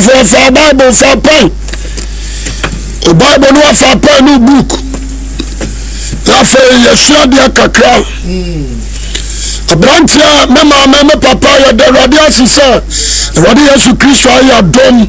foɛfa bible fa pɛi obible ne wa fa pai ne book ef yɛsuadiɛ kakra abrantia memamɛ me papa yɛdɛ radia sisɛ arade yesu khristoayadom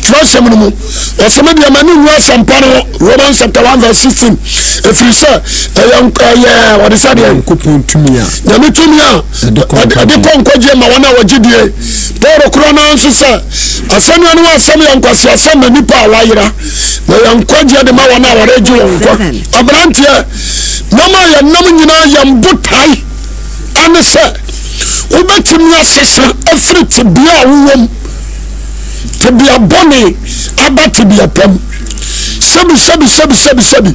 twerɛ asɛm no mu ɔsɛm deɛ ma ne nnu asɛmpa no roman chapter one verse sixteen ɛfiri sɛ ɛyɛ ɛyɛ wɔde sɛ deɛ nyame tumi a ɛde kɔ nkɔgye ma wɔn a wɔgye die paul koro no nso sɛ asɛnnua no asɛm yɛ nkwasi asɛm na nipa a wayera na yɛ nkɔgye de ma wɔn a wɔregye wɔn nkɔ aberanteɛ nam a yɛnam nyinaa yɛn bo tae ɛne sɛ wobɛtumi asesa afiri tebea a wowɔ tibia bɔne aba tibia pam sebi sebi sebi sebi sebi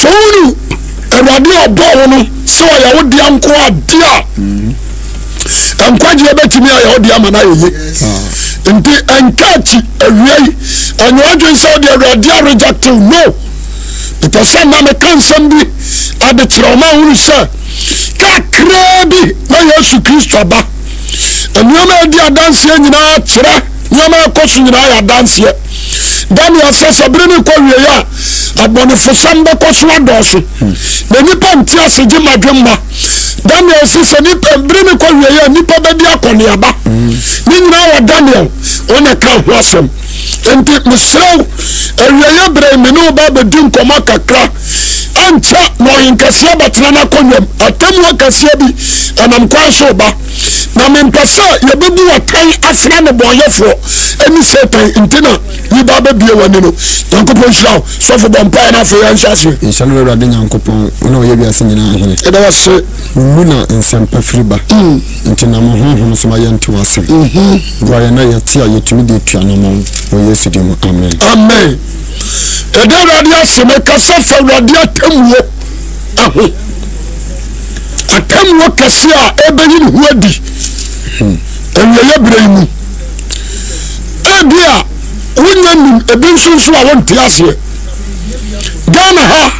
sowuru awurade ɔbɔ wo no sɛ ɔyɛ wo dea nko adeɛ a nkwagyeɛ bɛtumi ayɛ wo dea ma no ayɛ ye nti ɛnka akyi awia yi ɛnyɛ wadwen sɛ wode awurade aregyactew no pepɛ sɛ na meka nsɛm bi ade kyerɛ ɔma hunu sɛ kakraa bi na yesu kristo aba nneɛma adansi adanseɛ nyinaa kyerɛ nneɛma ɛkɔ so nyinaa yɛ adanseɛ daniel sɛ sɛ bere ne kɔ wie a abɔnefosɛm bɛkɔ so adɔɔso na nipa nti ase gye madwe mma daniel sɛ sɛ nipa bere ne kɔ wie a nipa bɛdi akɔneaba ne nyinaa wɔ daniel ɔna ka ho asɛm nti mesrɛw awieyɛ berɛ me ne wo ba bɛdi nkɔmmɔ kakra ankyɛ na ɔhenkɛseɛ bɛtena no akɔnnwam atammu akɛseɛ bi ɛnam kwan so ba na mempɛ sɛ yɛbɛbu wɔtan asena nebɔnyɛfoɔ ani satan nti na yiba bɛbie w'ani no nyankopɔn hyira wo sɔfo bɔ mpaɛ no afei yɛnhyɛ aseɛ nhyɛne awurade nyankopɔn wona wɔyɛ wiase nyinaa hene ɛda wɔ se mu na nsɛmpa firi ba mm. nti na mo honhom so ma yɛnte w'asɛm mhm. boa yɛ na yɛte a yɛtumi de atua no amen ɛde awurade ase ne kasɛ fa wuradeɛ atammuo aho atammuo kɛseɛ a ɛbɛyi ne ho adi awiɛyɛ birɛ yi mu ɛbi a wonya nim bi nsonso a wonte aseɛ ghana ha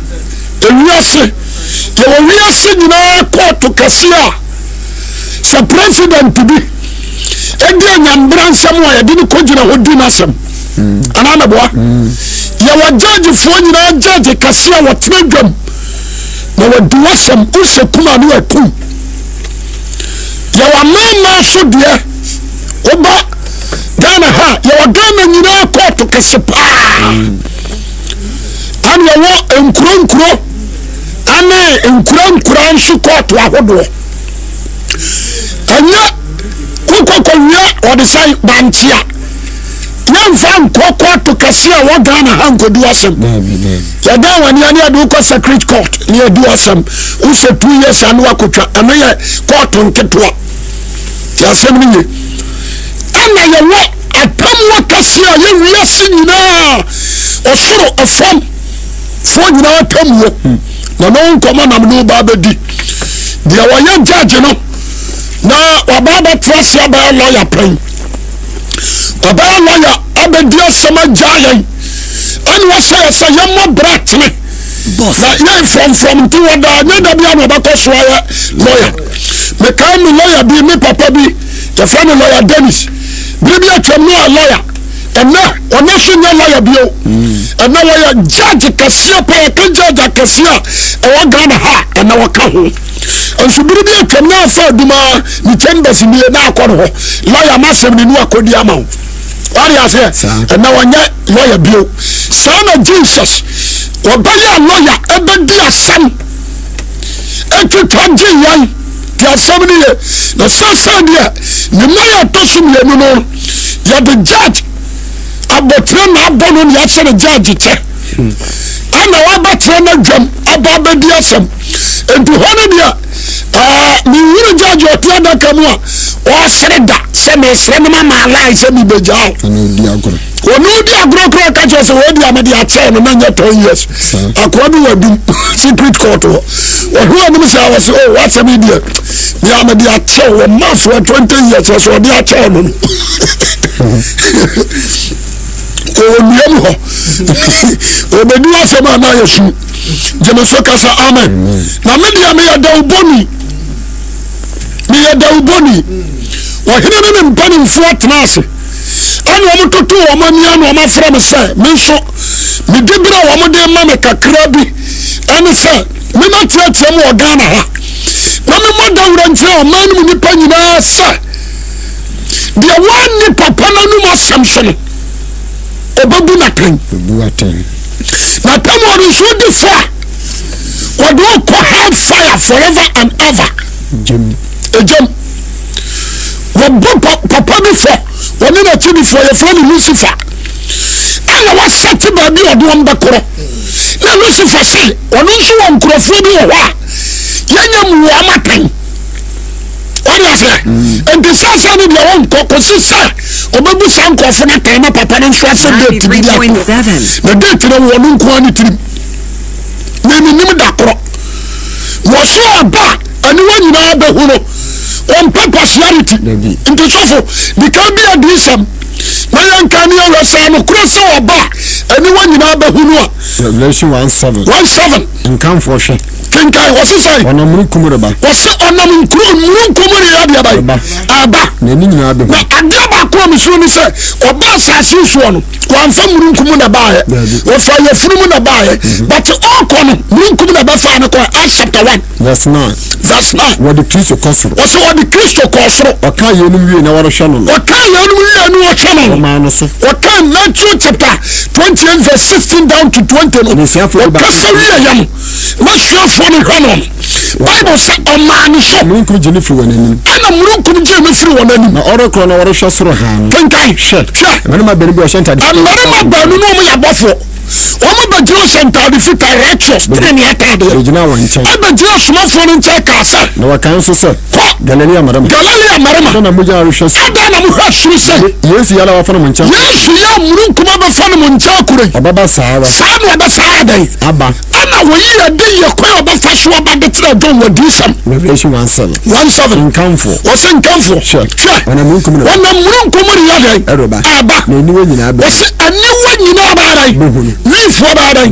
ɛwiase yɛwɔ weɛ se nyinaa kɔɔto kɛseɛ a sɛ president di ɛdeɛ nyambra nsɛm a yɛde ne kɔgyina hɔ di asɛm anaa mɛboa yɛwɔ gyɛgyefoɔ nyinaa kɛse a wɔtena dwam na wɔdi w'asɛm wosɛ kum a ne wakum yɛwɔ amaamaa so deɛ woba ghana ha yɛwɔ ghana nyinaa kɔɔto kɛse paa ane yɛwɔ nkuronkuro ane nkurankura nso kɔɔto ahodoɔ ɛnyɛ ko kɔkɔ wia wɔde sɛ bankyia yɛmfa nkɔ kɔɔto kɛseɛ a wɔ ghana ha nkɔdu asɛm yɛdan waneɛ ne yɛde wokɔ secret court ne yɛdu asɛm wosɛ two years a ne woakɔtwa ɛno yɛ kɔɔto nketewa nti asɛm no ye ɛna yɛwɔ atamwa kɛseɛ a yɛwia se nyinaa ɔsoro ɛfam foɔ nyinaa tamuo hmm. na ne wo nkɔmɔ nam ne wo baa bɛdi deɛ wɔyɛ gyagye no na ɔbaa bɛtena ase abɛyɛ lɔya pɛn ɔbɛyɛ lɔya abɛdi asɛm agya yɛn ɛne wɔsɛ yɛ sɛ yɛmmɔ berɛ atene na yɛn frɔmfrɔm nti wɔ daa nyɛ da bi a na ɔbɛkɔ so ayɛ lɔya mekaa me lɔya bi me papa bi yɛfrɛ no lɔya denis bere bi atwam no a lɔya ɛnɛ ɔno so nyɛ lɔya bio mm ɛna wɔyɛ judge kɛseɛ paa yɛka judge akɛseɛ a ɛwɔ ghana ha ɛna wɔka ho nso biri bi atwam na afa adumaa ne chambers nie na akɔ no hɔ lɔya ma asɛm ne nu akɔdi ama wo wade aseɛ ɛna wɔnyɛ lɔya bio saa na jesus wɔbɛyɛ a lɔya ɛbɛdi asɛm ɛtwitwa gye yɛn te asɛm no ye na sɛsɛ deɛ ne mma yɛ ɛtɔ so mmienu no yɛde judge abotire na abɔ no ne yɛhyɛ ne gyaagye kyɛ ana wabɛtire na dwam aba abɛdi asɛm nti hɔ no deɛ mewuru gyaagye ɔte adaka mu a ɔsere da sɛ mesrɛ no mama alae sɛ mebɛgyaa ɔne wodi agorɔ korɔ ka kyerɛ sɛ wɔadi amede akyɛe no na nyɛ 10 years akoa bi wadum secret court hɔ ɔhwe anim sɛ oh, wɔ sɛ o woasɛm yi deɛ deɛ amede akyɛw wɔ mafoɔ 20 years ɛ sɛ ɔde akyɛw no mhm. ɔwɔnua mu hɔ ɔbɛdi asɛm a n'ayɛ su gyeme so kasa amen na me deɛ meyɛ dawubɔni meyɛ dawubɔni ɔhene ne ne mpanimfoɔ tena ase ɛna wɔn toto wɔn ani ɛna wɔn afra mi sɛ mi nso mi di bere a wɔn de ma mi kakra bi ɛne sɛ mi ma tiatia mu wɔ ghana ha na mi ma dawura nkyɛn ɔman no mu nipa nyinaa sɛ deɛ wɔn ani papa n'anum asɛm so no ọbẹbu n'atẹn. ọbẹbu atẹn. n'atẹn wọn nsu di fọ a ọdun ọkọ hell fire forever and ever. jẹm. ejẹm wọ́n bọ́ papa bi fọ wọ́n ní n'akyi bi fọ yẹ fọ ni lucifer ẹnna wọ́n sẹ́tì baabi ọdún wọn bẹ kúrọ na lucifer sẹ́yìn ọdún nso wọn nkurọ̀fọ́ bi wọ̀ hɔ a yẹn nyẹ mu wọ́n ama tẹ̀yìn aseɛ nti sɛsɛ no deɛ wɔnkɔ kɔsi sɛ ɔbɛbu saa nkɔfo no atɛn papa no nso asɛ date bi deakɔ na date no wɔ no nkoa ne tirim na menim da korɔ wɔ aba aniwa nyinaa bɛhu no ɔmpɛ partiality nti sɔfo dika bi adi nsɛm na yɛnka ne yɛwɛ saa no korɔ sɛ ɔba ɛniwa nyinaa bɛ hunu a. revolution one seven. one seven. nkanfo hwɛ. kinkan wɔsi sɛn. ɔnamuru nkumu de ba. wɔsi ɔnamuru nkumu de yɛ adiaba yi. aba. na ɛni nyinaa bɛ hunu. na adeɛ baako a misiri ni sɛ ɔba asaasi soɔ no wɔnfa muru nkumu na baa yɛ wɔfa yɛ funumu na baa yɛ mm-hmm. but ɔkɔ no muru nkumu na bɛ fa ne kɔ Acts chapter one. verse nine. verse nine. wɔde kristo kɔ soro. wɔsi wɔde kristo kɔ soro. ɔka yɛn numu yie na wɔrehwɛ no. ɔka yɛn numu yie na wɔrehwɛ no. ɔmaa no so. ɔka Matthew chapter twenty. Corinthians verse sixteen down to twenty no wɔkasa wie yɛ no wasuafoɔ no hwɛ no bible sɛ ɔmaa ne so munkum firi wɔn anim ɛna munkum gye ne firi wɔn anim na ɔrekorɔ na ɔrehwɛ soro haa kenkan hwɛ hwɛ mmarima baanu bi ɔhyɛ ntade mmarima baanu no ɔmo yɛ abɔfoɔ wɔn mo bɛ gyina sɛ ntaade fita righteous tiri ni ataadeɛ ɛgyina wɔn nkyɛn ɛbɛ gyina somafoɔ no nkyɛn kaasa na wɔkan so sɛ kɔ galilea marama galilea marama ɛdan na mo gyina ahwehwɛ so ɛdan na mo hwɛ soro sɛ yesu yɛ ala wafa ne mo nkyɛn yesu yɛ amuru nkuma bɛfa ne mo nkyɛn kure ɔbɛba saa wa saa na ɔbɛ saa adan aba ɛna wɔyi yɛ de yɛ kwan ɔbɛfa so ɔba de tiri one seven one seven nkanfo wɔsɛ nkanfo hwɛ wɔnam nkuma wɔnam nkuma yɛ adan ɛba na aniwa nyinaa bɛ wifoɔ baada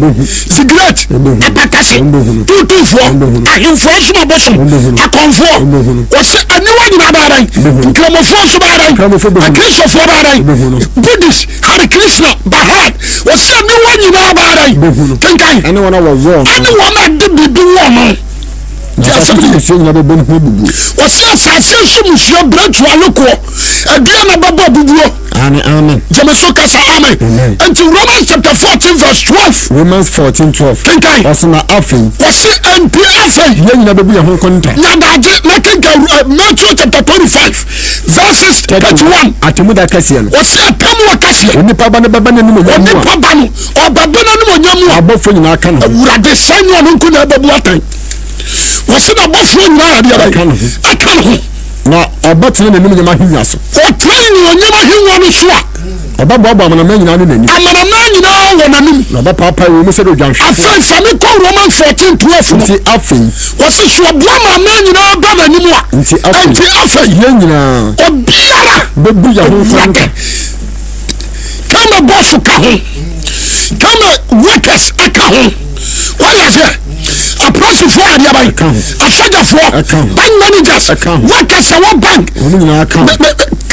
sigiret apakase tutufoɔ ahemfoɔ nso ma bosom akɔnfoɔ wɔsɛ aniwa nyinaa baada nkramofoɔ nso baada akristofoɔ baada buddhist Hari krishna bahad wɔsɛ aniwa nyinaa baada kenkan ɛne wɔn a de biribi wɔ no di asem ni wɔsi asase esumusua birentu na bɛbɔ bubuo jɛmɛso kasa amen nti romans chapter fourteen verse twelve romans fourteen twelve kinkai wɔsi na afei wɔsi npi afei yɛn nyina bɛ bu yɛn ho kɔnta nyadagye na kinkai eh, matthew chapter twenty five verses thirty one atemuda kɛseɛ no wɔsi atemuwa kɛseɛ onipa ba ne bɛbɛ ne nimu onyamuwa onipa ba no ɔbɛbɛ ne nimu onyamuwa abɔfo nyinaa ka no awurade sanyɔ ne nko na ɛbɛbu atan wɔsi na abɔfra nyinaa yɛ adeɛ ɛka ne ho. na ɔbɛ tena n'anim nyɛma ahengua so. ɔtena nyina nyɛma ahengua no so a. ɔbɛ boaboa amanaman nyinaa ne n'anim. amanaman nyinaa wɔ n'anim. na ɔbɛ paapaa wɔn mu sɛ de odwanhwɛ. afei sani kɔ roman fourteen twelve no. nti afei. wɔsi sɔbla amanaman nyinaa bɛ n'anim a. nti afei nti afei. yɛn nyinaa. obiara. bɛbu yahu fɛn kan. kama bɔsu ka ho kama workers ka ho wɔyɛ sɛ apɔsifoɔ adiaba yi asɔjafoɔ bank managers workers ɛwɔ bank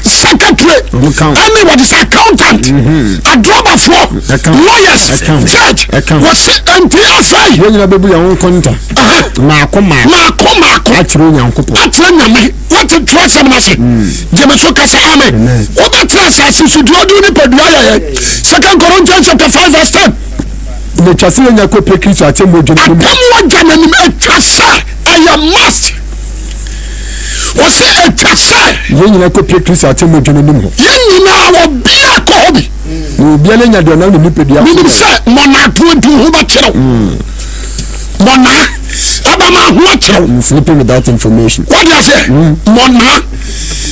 secretary ɛni wɔde sɛ accountant mm-hmm. adrobafoɔ lawyers judge wɔsi nti afɛyi. wọ́n nyina bɛ bu yàwọn kọ́ńtà. maako maako maako maako akyerɛ onyankopɔ akyerɛ nyame wate twerɛ sɛm no se gyeme so kasa amen wobɛtena asase so duadu nipadua yɛyɛ second corinthians chapter 5 verse 10 na twa sɛ yɛnya kɔpɛ kristo atɛm wɔ dwene nim atɛm wɔ dwa n'anim atwa sɛ ɛyɛ must wɔsɛ atwa sɛ yɛn nyinaa kɔpɛ kristo atɛm wɔ dwene nim ho yɛn nyinaa wɔ bia kɔ hɔ bi na obia no nya deɛ ɔnam ne nipadua sɛ mɔnaatoɔ di ho bɛkyerɛw mm. mɔnaa abama ho akyerɛw sleeping without information wade asɛ mm. mɔnaa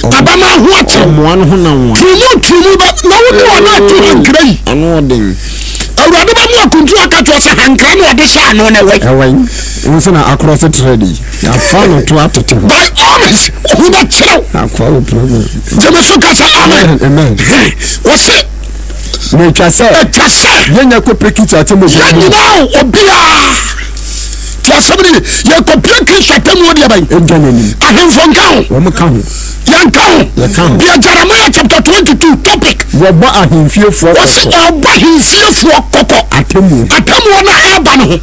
oh. abama ho akyerɛw tumu tumu bɛ na wode ɔno ato hankra yi awurade ne akuntu aka kyerɛ sɛ hankra ɔde hyɛ ano na wai ɛwai ɛwo sɛ na akorɔ sɛ terɛ de afa no to atete hɔ by almes ɔhu bɛ kyerɛw akoa wo problem gyeme so ka sɛ amen amen wɔ sɛ na atwa sɛ atwa sɛ yɛnyɛ kɔ pɛkita atɛmɔ yɛnyinaa obiaa ti asɛm ne yɛkɔpie kristo atamu ɔde ɛbɛn ahemfo nka ho yɛnka ho bia jeremia chapter 22 topic wɔbɔ ahemfiefoɔ wɔse ɔbɔ ahemfiefoɔ kɔkɔ atamuɔ no ɛba ne ho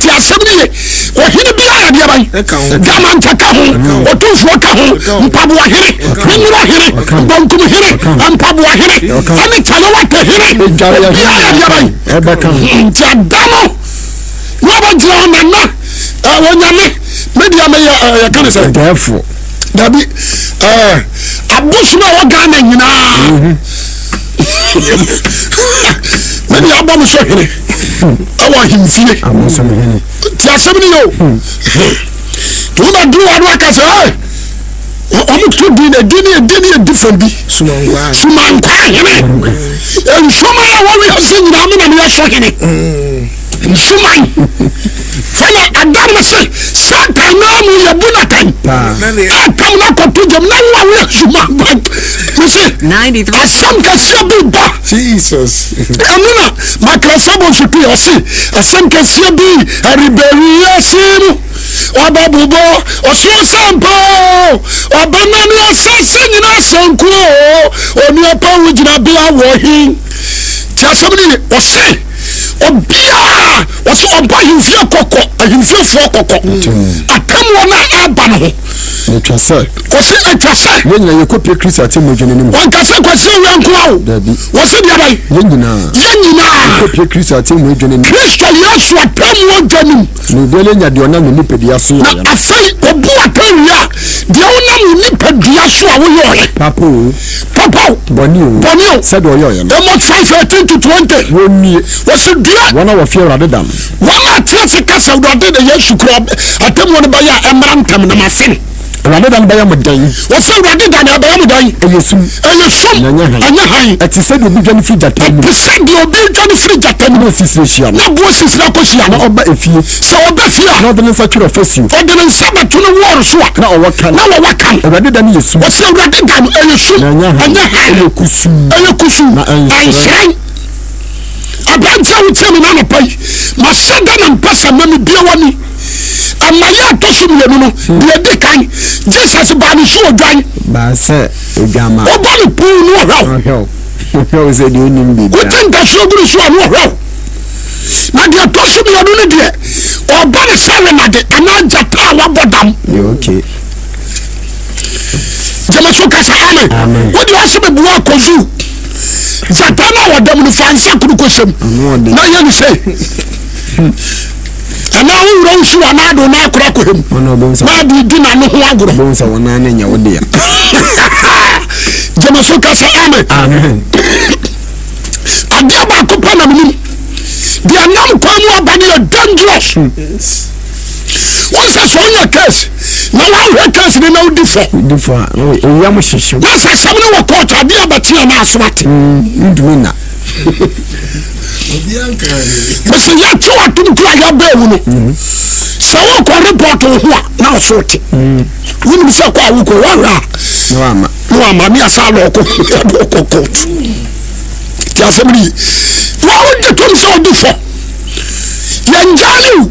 ti asɛm ne ye ɔhene bia yɛde ɛbɛn gamanta ka ho ɔtomfoɔ ka ho mpaboa here menwerɛ here bɔnkum here mpaboa here ɛne kyalewata here bia yɛde ɛbɛn nti adamo na ɔbɛgyina ɔnana wonyame media meyɛ yɛka ne sɛ dɛfo dabi abosom a wɔ ghana nyinaa media abɔ me so hene ɛwɔ ahemfie nti asɛm ne yɛo nti woba duru wa no aka sɛ ɔmoto di no ɛdi ne ɛdi ne ɛdi fam bi somankwaa hene nsoma a wɔweyɛ sɛ nyinaa me na meyɛ sɔ hene nsoman fɛnɛ ada mu se satan naa mu yɛ bu na tan a tam na kɔ to jɛm na wa wɛ zuma mu se asam kɛseɛ bi ba ɛnu e na makarasa bɔ nsutu yɛ ɔsi asam kɛseɛ bi ɛribɛri yɛ si mu ɔba bubɔ ɔsoro sampo ɔba nani asase nyinaa sankuo onua pa wo gyina bi awɔ hin tí a sọ mi ni obiara wɔsi ɔba ahemfie kɔkɔ ahemfiefoɔ kɔkɔ atamuwa na aba ne ho. ɛtwa sɛ. kɔsi ɛtwa sɛ. yɛn nyinaa yɛ kɔ pie kristu ati mu dwene ne mu. wankasa kɔsi ewia nkoa o. dabi wɔsi deɛ bayi. yɛn nyinaa. yɛn nyinaa. yɛ kɔ pie kristu ati mu dwene ne mu. kristu yasu atamuwa dwene mu. nidele nya deɛ ɔnam ne nipadua so yɛ. na afei obu atawia deɛ ɔnam ne nipadua so a wɔyɛ ɔyɛ. papa o. papa o. bɔnni o. bɔnni o. sɛdeɛ ɔyɛ ɔyɛ no. amos five eighteen to twenty. wɔn nie. wɔsi du awerɛhoɔ wɔn a wɔfie awurade dam wɔn a teɛ se kasa awurade de yesu kura atamu no bɛyɛ a ɛmmara ntam nam afene awurade dan bɛyɛ mo dan wɔsɛ awurade dan ɛbɛyɛ mo dan ɛyɛ sum ɛyɛ sum ɛnyɛ han ɛte sɛ deɛ obi dwa no firi gyata mu ɛte sɛ deɛ obi dwa no firi gyata mu na osisire hyia no na bo osisire akɔ hyia no na ɔba efie sɛ ɔba fie a na ɔde ne nsa twerɛ fasuo ɔde ne nsa bɛto ne wɔɔre so a na ɔwɔ kan na wɔwɔ kan awurade dan yɛ sum wɔsɛ awurade dan ɛyɛ sum ɛnyɛ han ɛyɛ kusum ɛyɛ kusum na ɛnhyerɛn nti awo tiɛ mi n'anapa yi ma hyɛ da na mpa sama mi bie wɔ ni ama yɛ ato so mmienu no deɛ di kan jesus baa ne so odwan. baasɛ odwama. o bɔ ne puu ne o ɔhwɛw ɔhwɛw sɛ deɛ onim bi bia. o ti ntasuo guru so a ne ɔhwɛw na deɛ ato so mmienu no deɛ ɔba ne sɛre na de anaa gyata a wabɔ dam. jɛmɛso kasa amen. amen. o de wa se bɛ bu akɔ zoo jata na wɔda mu no fa nsa kuru kɔ sɛm na yɛ no sɛ ana wo wura nsu ana ado na akora akɔhɛ mu na de di na ne ho agorɔ gyama so ka sɛ amen adeɛ baako pa nam nim deɛ nam kwan mu aba no yɛ dangerous sɛ sɛ wonya case na woahwɛ case ne na wodi fɔ owia mo hyehyew na sɛ sɛm ne wɔ kɔɔto adeɛ abɛteɛ no asomate ntumi na mesɛ yɛte watom kura yɛbaa mu no mm. sɛ wokɔ report wo ho a na ɔso te mm. wonim sɛ kɔ a wokɔ woahwɛ a na wama measa lɔɔkɔ ɛde wokɔ kɔɔto nti asɛm ne yi wawogye tom sɛ wodi fɔ yɛngya ne wo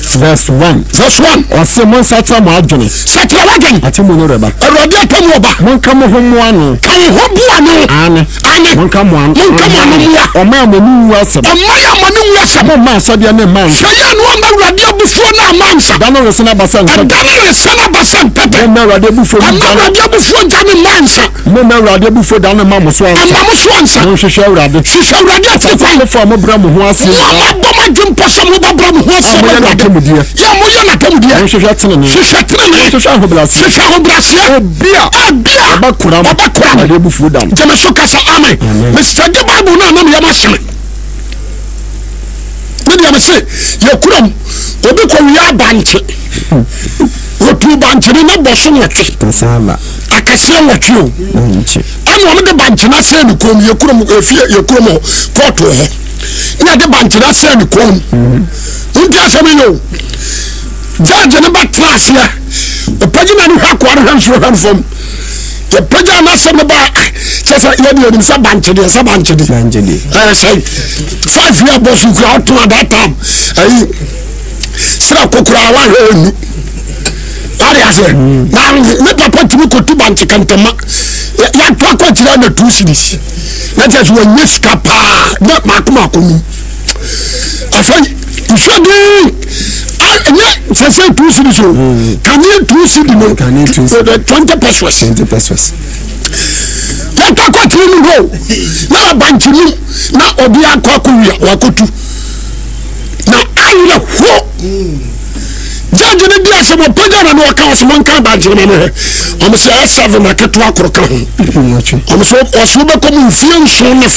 verse one. verse one. ɔsè mo nsa tí a mo adwene. sẹkẹrẹ wa dùn. àti mo ní rẹ ba. ẹrọdí ẹ tẹ mu ọba. mo nka mo ho mu ano. ka mo ho bu ano. ani. ani. mo nka mo ano. mo nka mo ano mu wa. ọmọ yà mo ní wu ẹsẹ. ọmọ yà mo ní wu ẹsẹ. mo máa sọ díẹ ní máa nsa. sẹyìn ni wọn bá ẹrọdí abufuo náà máa nsa. dáná rẹ sẹ́nà basa npẹ́pẹ́. dáná rẹ sẹ́nà basa npẹ́pẹ́. mo mẹ ẹrọdí abufuo dáná. ọmọ ẹrọdí abufuo dáná máa nsa. mo mẹ ẹrọdí abufuo dáná máa mo n'atamudeɛ. yà mo yẹ n'atamudeɛ. àwọn hyehyɛ tẹnani. hyehyɛ tẹnani. hyehyɛ ahobrasiɛ. hyehyɛ ahobrasiɛ. ebia. ebia. ɔba kura mu ɔba kura mu. ɔde ebufu da mu. jẹmẹsọ kasa amen. mẹsàgé báàbù náà nà mi yà má sẹmẹ. ne deɛ mese yɛkura m obi kɔwia bankye wɔtu bankyene na bɔ so nwɔtwe akaseɛ nwɔtwe o ɛne ɔme de bankyene asɛe ne kom yɛkurom ɛfie yɛkurom hɔ kɔɔto hɔ ne ade bankyene asɛe ne kom nti asɛm yi o gyaagye ne bɛtena aseɛ ɔpagye na ne hwɛ akoa no hwɛ nsoro hwɛ mfam yɛpagya na sɛ ne baa kyɛ sɛ yɛde anim sɛ bankyedeɛ sɛ bankyedeɛ ɛyɛ eh, sɛ five year bɔ so kura ɔtona that time ayi sira kokora wahwɛ ɔnu wade ase hmm. na ne papa tumi kotu bankye kɛntɛma yɛato akɔkyerɛ na two series na kyɛ sɛ wɔnyɛ sika paa na maakomaako num afei hwɛ dii ɛnyɛ sɛsɛ two series o kaneɛ two series no twenty pesos twenty pesos yɛtɔ akɔ tiri mu hɔ na wabanki mu na ɔde akɔ akɔwia wakɔtu na ayerɛ hɔ jaaji ne di asɛm ɔpagya na ne ɔka ɔsɛm nka bankyere ma no hɛ ɔmo sɛ ɛyɛ seven eh, aketewa koro ka ho ɔmo sɛ ɔsoro bɛkɔ mu mfie nson ne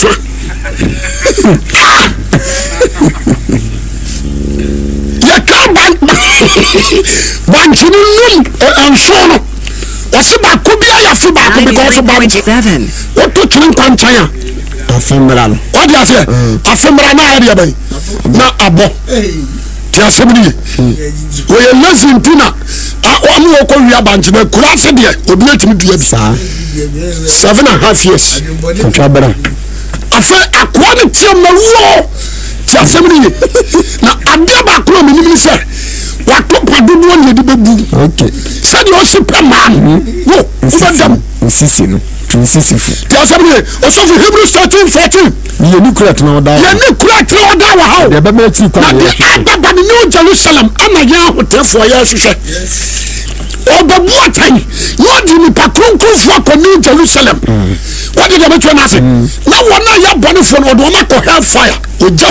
yɛtwa bankye no num nson no wɔse baako bia yɛfe baako because baako woto kyere nkwankyɛn a afemmra no wode aseɛ mm. afemmra no ayɛdeɛ bɛn na abɔ ti asɛm no ye wɔyɛ lazy nti na ɔne wɔkɔ wia bankye no akura ase deɛ obi atumi dua bi seven and half years afei akoa no tiam na wuo ti asɛm no ye na adeɛ baakoro a menim ne sɛ wato pa dodoɔ ne yɛde bɛbu sɛdeɛ ɔse pɛ maa no mhm. wo wobɛdam nsisi no nsisi fo ti asɛm no ye ɔsɔfo hebrews thirteen fourteen yɛni kura tena ɔda yɛni kura tena ɔda wɔ ha o na de ababa ne new jerusalem ama yɛn ahotefoɔ yɛn hwehwɛ ɔbɛbu atan na ɔde nipa kronkronfoɔ akɔ new jerusalem mhm. wɔde dɛm atwa no ase mhm. na wɔn a yɛ abɔnefoɔ no wɔde wɔn akɔ hellfire to gya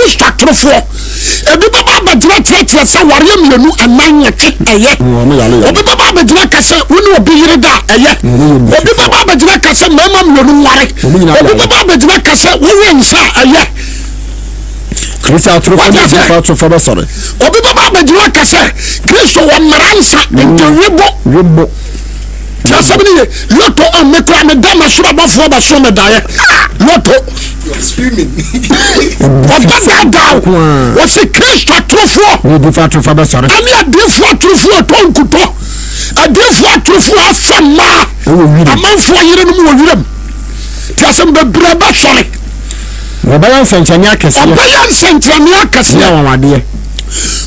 ɔne nsatorofoɔ ebi bɛba abɛgyina kyerɛkyerɛ sɛ wareɛ mmienu anan nyɛkye ɛyɛ mm, obi bɛba abɛgyina kasɛ wo ne obi yere da ɛyɛ mm, obi bɛba abɛgyina kasɛ mmarima mmienu nware obi bɛba abɛgyina kasɛ wowe nsa ɛyɛ obi bɛba abɛgyina kasɛ kristo wɔ mmeransa mm. nti asɛmne ye loto ah, me kra medamasorebafoɔ baso me daɛ lto be ada s kristo trofɔame adefua trofuɔ tonkutɔ adefuɔ trofuɔ asɛmaa amafoɔ yerenomuwɔwerem tiasɛm bebrɛ bɛsɔrenanɛ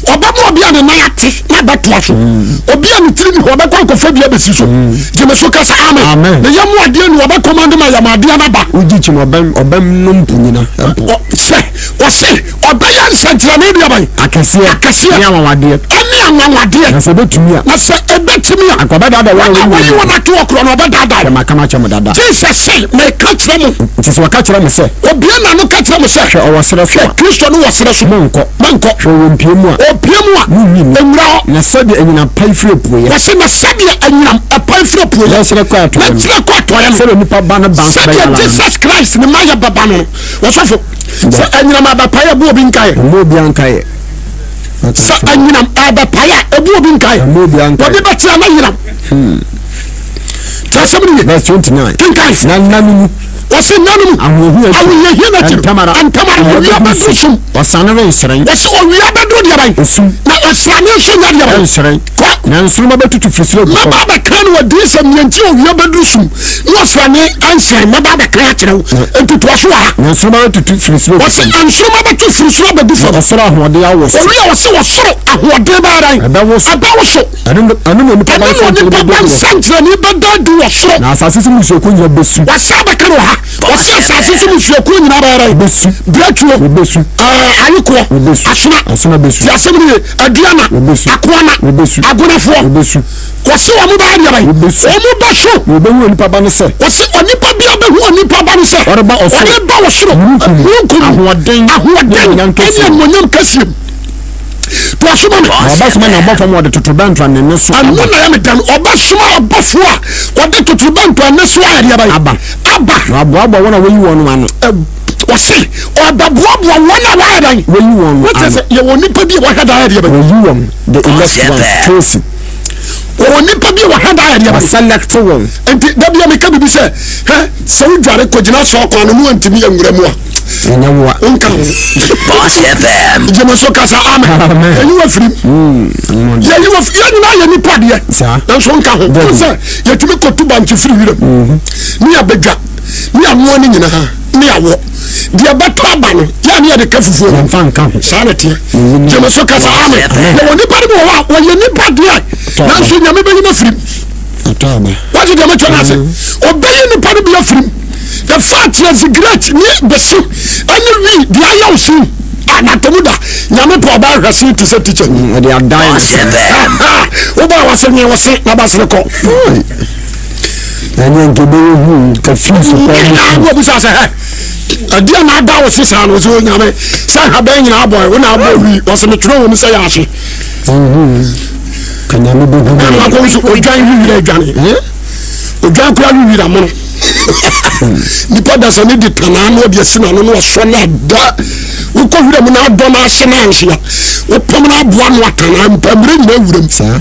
ɔbɛma obi a ne nan ate na bɛtoa so mm. obi a ne tiri ne hɔ ɔbɛkɔ nkɔfa bi abɛsi so gyeme mm. so kasa amen ne yɛmu nu ne wɔbɛkɔmande ma yɛmadeɛ no ba wogye kyim ɔbɛm no mpo nyina sɛ ɔse ɔbɛyɛ nsɛnkyerɛne duaban akɛseɛ akɛseɛ ne akasiya ɛne anwanwadeɛ na sɛ ɛbɛtumi a na sɛ ɛbɛtumi a akɔbɛdadawayi wɔ no atoɔ korɔ no ɔbɛdadae makama dada jesus se meka kyerɛ mo nti sɛ wɔka kyerɛ mo sɛ obia na no ka kyerɛ mo sɛ hwɛ ɔwɔ serɛ so a kristo no wɔ mu a opie mu a ewura hɔ na sɛdeɛ anyinam pa efiri epuo yɛ wɔsi na sɛdeɛ anyinam ɛpa efiri epuo yɛ n'akyerɛ kɔ atɔ yɛ no kɔ atɔ yɛ no nipa ba ne ban sɛbɛ yɛ la sɛdeɛ jesus christ ne ma yɛ baba no wɔsɔfo sɛ anyinam abapa yɛ bu obi nka yɛ bu obi anka yɛ sɛ anyinam abapa yɛ ebu obi nka yɛ bu obi anka yɛ wɔde hmm. bɛ tia na yinam tẹsẹmu ni ye. verse twenty nine. kinkan. na nanumu. wasi nanumu. ahuhu ekyir ahuhu ehyia n'ekyir. ntamara ntamara owiya bɛ dusu. wasanere nsere. wasi owiya deɛ ban na nsirani nso nya deɛ ban nsirani kɔ na nsoroma bɛ tutu fisire bɔ kɔ mɛba bɛ kan wa di nsɛm yɛn ti bɛ du sum na nsirani ansɛn mɛba bɛ kan akyerɛw ntutu wa ha na nsoroma bɛ tutu fisire bɔ kɔ wɔsi nsoroma bɛ tutu fisire bɛ du fam ɔsoro ahoɔden awɔ so owia wɔsi wɔsoro ahoɔden bɛ ara yi ɛbɛwo so ɛbɛwo so ɛnu na nipa ban sɛnkyerɛni bɛ da di wɔ bɛ ti asem ni ye aduana akoana agonafoɔ kɔsi wɔn mu baa diaba yi wɔn mu ba so wɔn bɛ hu onipa ba ne sɛ kɔsi onipa bi a bɛ hu onipa ba ne sɛ wɔn ba wɔsoro nukunu ahoɔden ahoɔden ɛni ɛmɔnyam kɛseɛ mu to asoma mi. ọba soma na ọbọfọ mu ọdi tuturubẹntu ani ne so. anu na ya mi dan ọba soma ọbọfọ a ọdi tuturubẹntu ani ne so ayẹyẹ ba yi. aba aba. na aboabo wọn a woyi wọn ano ɔsi ɔbɛboaboa wɔn a wɔayɛ dan. wɔyi wɔn ano wɔtɛ sɛ yɛwɔ nipa bi a wɔhwɛ dan yɛ deɛ bɛ. wɔyi wɔn the elect one chosen. wɔwɔ nipa bi a wɔhwɛ dan yɛ deɛ bɛ. select wɔn. nti dabi ya mi ka bibi sɛ hɛ sɛw dware kogyina sɔɔ kwan no mu ntumi nwura mu a. ɛnyɛ mu a. nka o. boss fm. jɛmɛso kasa amen. amen yɛyi wa firi. Hmm, yɛyi wa firi yɛn nyinaa yɛ nipa deɛ. saa nanso nka ho. ko sɛ yɛtumi kotu bankye firi wiram. Hmm. ne yɛ abɛdwa ne yɛ amoa ne nyinaa ne awɔ deɛ bɛtɔ aba no yɛ ne yɛde ka fufuo no saa kasa ame na wɔ nipa no bi wɔ hɔ a wɔyɛ nipa deɛ nanso nyame bɛyi no afirim wagye deɛ mɛtwa no ase ɔbɛyi nipa no bi afirim the fact yɛ zigret ne bɛsi ɛne wi deɛ ayɛ wo siw anatomu da nyame pɛ ɔba ahwɛ se te sɛ tikya wobaa wɔse nyɛ se na ɛnyɛ nkebere hu kafiiso kɔ mu fu. wo bisa sɛ ɛ ɛdiɛ na ada wo sisan no sɛ onyame sɛ habɛn nyinaa bɔ wo na abɔ wi wɔsɛmetwerɛ wɔ mu sɛ yɛ ahye. kanyame bɛ hu. ɛnna kò nso odwan wiwiri adwane odwan kura wiwiri amono nipa dasa ne di tanaa na ɔde asi n'ano na ɔsɔ na ada wokɔ wura mu na adɔ na ahye na ahyia wopam na aboa no atanaa mpamire nyinaa wura mu.